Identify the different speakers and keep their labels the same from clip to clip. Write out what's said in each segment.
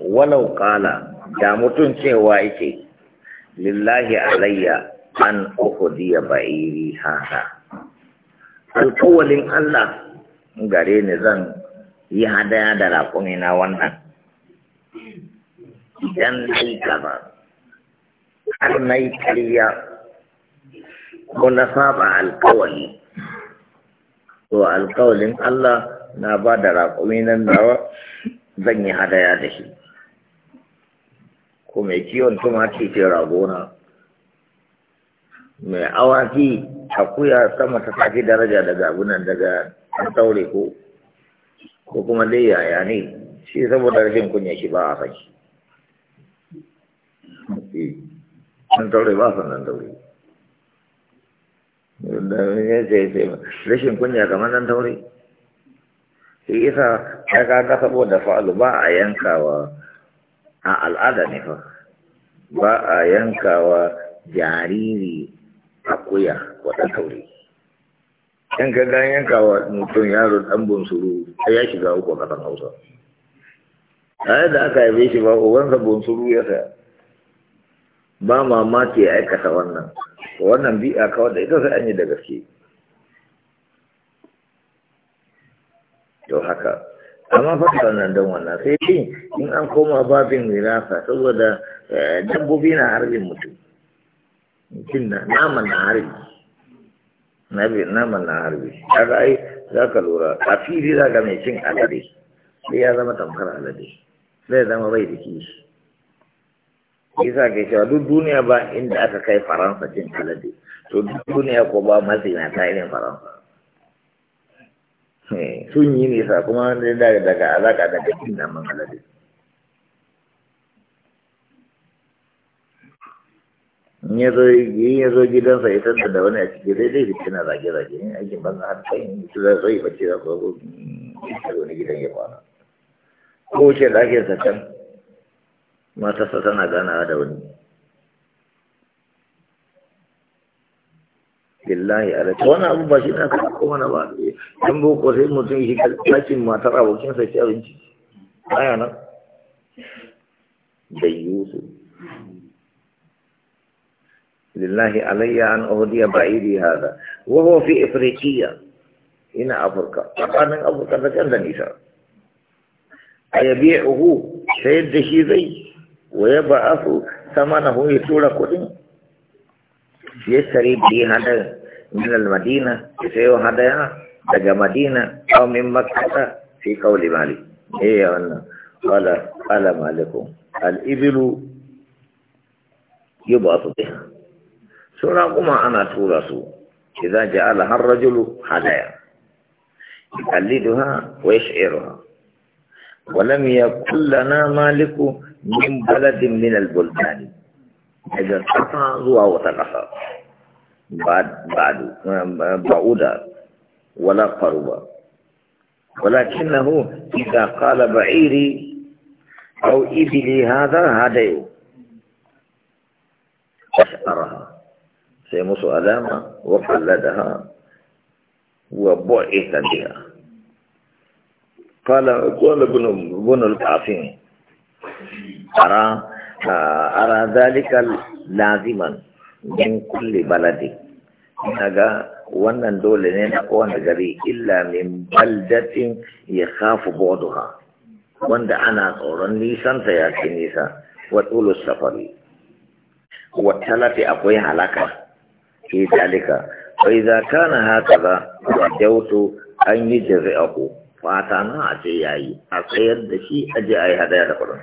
Speaker 1: walau kala da mutum cewa yake lillahi alayya an uhdiya ba'iri hada alƙawalin Allah gare ni zan yi hadaya da raƙumi na wannan idan na yi kaza har na yi ƙarya ko na saba alƙawali to alƙawalin Allah na ba da raƙumi nan nawa zan yi hadaya da shi ko mai kiwon tumaki ce ragona mai awaki akuya sama ta tafi daraja daga abunan daga an taure ko ko kuma dai yaya ne shi saboda rashin kunya shi ba a san an taure ba sannan taure rashin kunya kamar nan taure shi isa ya kaga saboda fa'alu ba a yankawa a al'ada ne fa ba a yankawa jariri akuya wata tauri yan gaggan yankawa mutum yaro dan bunsuru ya shiga uku kasan hausa sai da aka haife shi ba uwansa bunsuru ya saya ba mamaki ya aikata wannan wannan a kawar da ita sai an yi da gaske to haka amma fa wannan don wannan sai dai in an koma babin mirasa saboda eh, dabbobi na harbin mutum mutum na naman na harbi nabi naman na harbi kaga ai za ka lura a fili za ka mai cin alade sai ya zama tamkar alade zai zama bai da kishi isa ke cewa duk duniya ba inda aka kai faransa cin alade to duk duniya ko ba matsi na ta irin faransa sun yi nisa kuma daga daga alaƙa daga cin naman alade in ya zo gidansa ya tattar da wani a cikin daidai fice na zage-zage ne aikin banza har kai yi su da zai bace za ku zo wani gidan ya kwana ko wuce ɗakin sa can matarsa tana ganawa da wani لله عليك وانا ابو باشي ناس وانا باقي جنبو قوسي مسلم يشكل لكن ما ترى آه، لله علي ان اهدي بعيدي هذا وهو في افريقيا هنا افريقا انا افريقا كان دنيسا يبيعه سيد دشيزي ويبعث ثمنه يتولى كلين يسري بي هذا من المدينة يسيو هدايا دقى مدينة أو من مكة في قول مالك إيه والله قال قال مالكم الإبل يبعث بها سراغما أنا تورسو إذا جعلها الرجل هدايا يقلدها ويشعرها ولم يقل لنا مالك من بلد من البلدان إذا قطع زوا وتقصر بعد بعد بعودا ولا قربا ولكنه إذا قال بعيري أو إبلي هذا هدي أشعرها سيمس ألاما وقلدها وبعث بها قال قال ابن ابن القاسم أرى أرى ذلك لازما min kulli baladi naga wannan dole ne na kowane gari illa min baldatin ya kafu boduha wanda ana tsoron nisanta ya ce nisa wa tsulus safari wa talafi akwai halaka fi dalika na haka ba da jautu an yi aku fata na a ce yi a tsayar da shi aje yi hadaya da kudin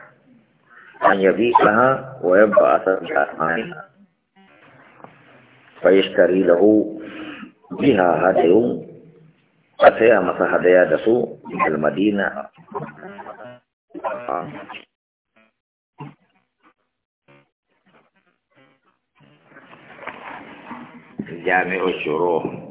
Speaker 1: an yabi ha wa yabba asar da amina فيشتري له بها هدي أتيا مثلا هذا دسو من المدينة جامع الشروح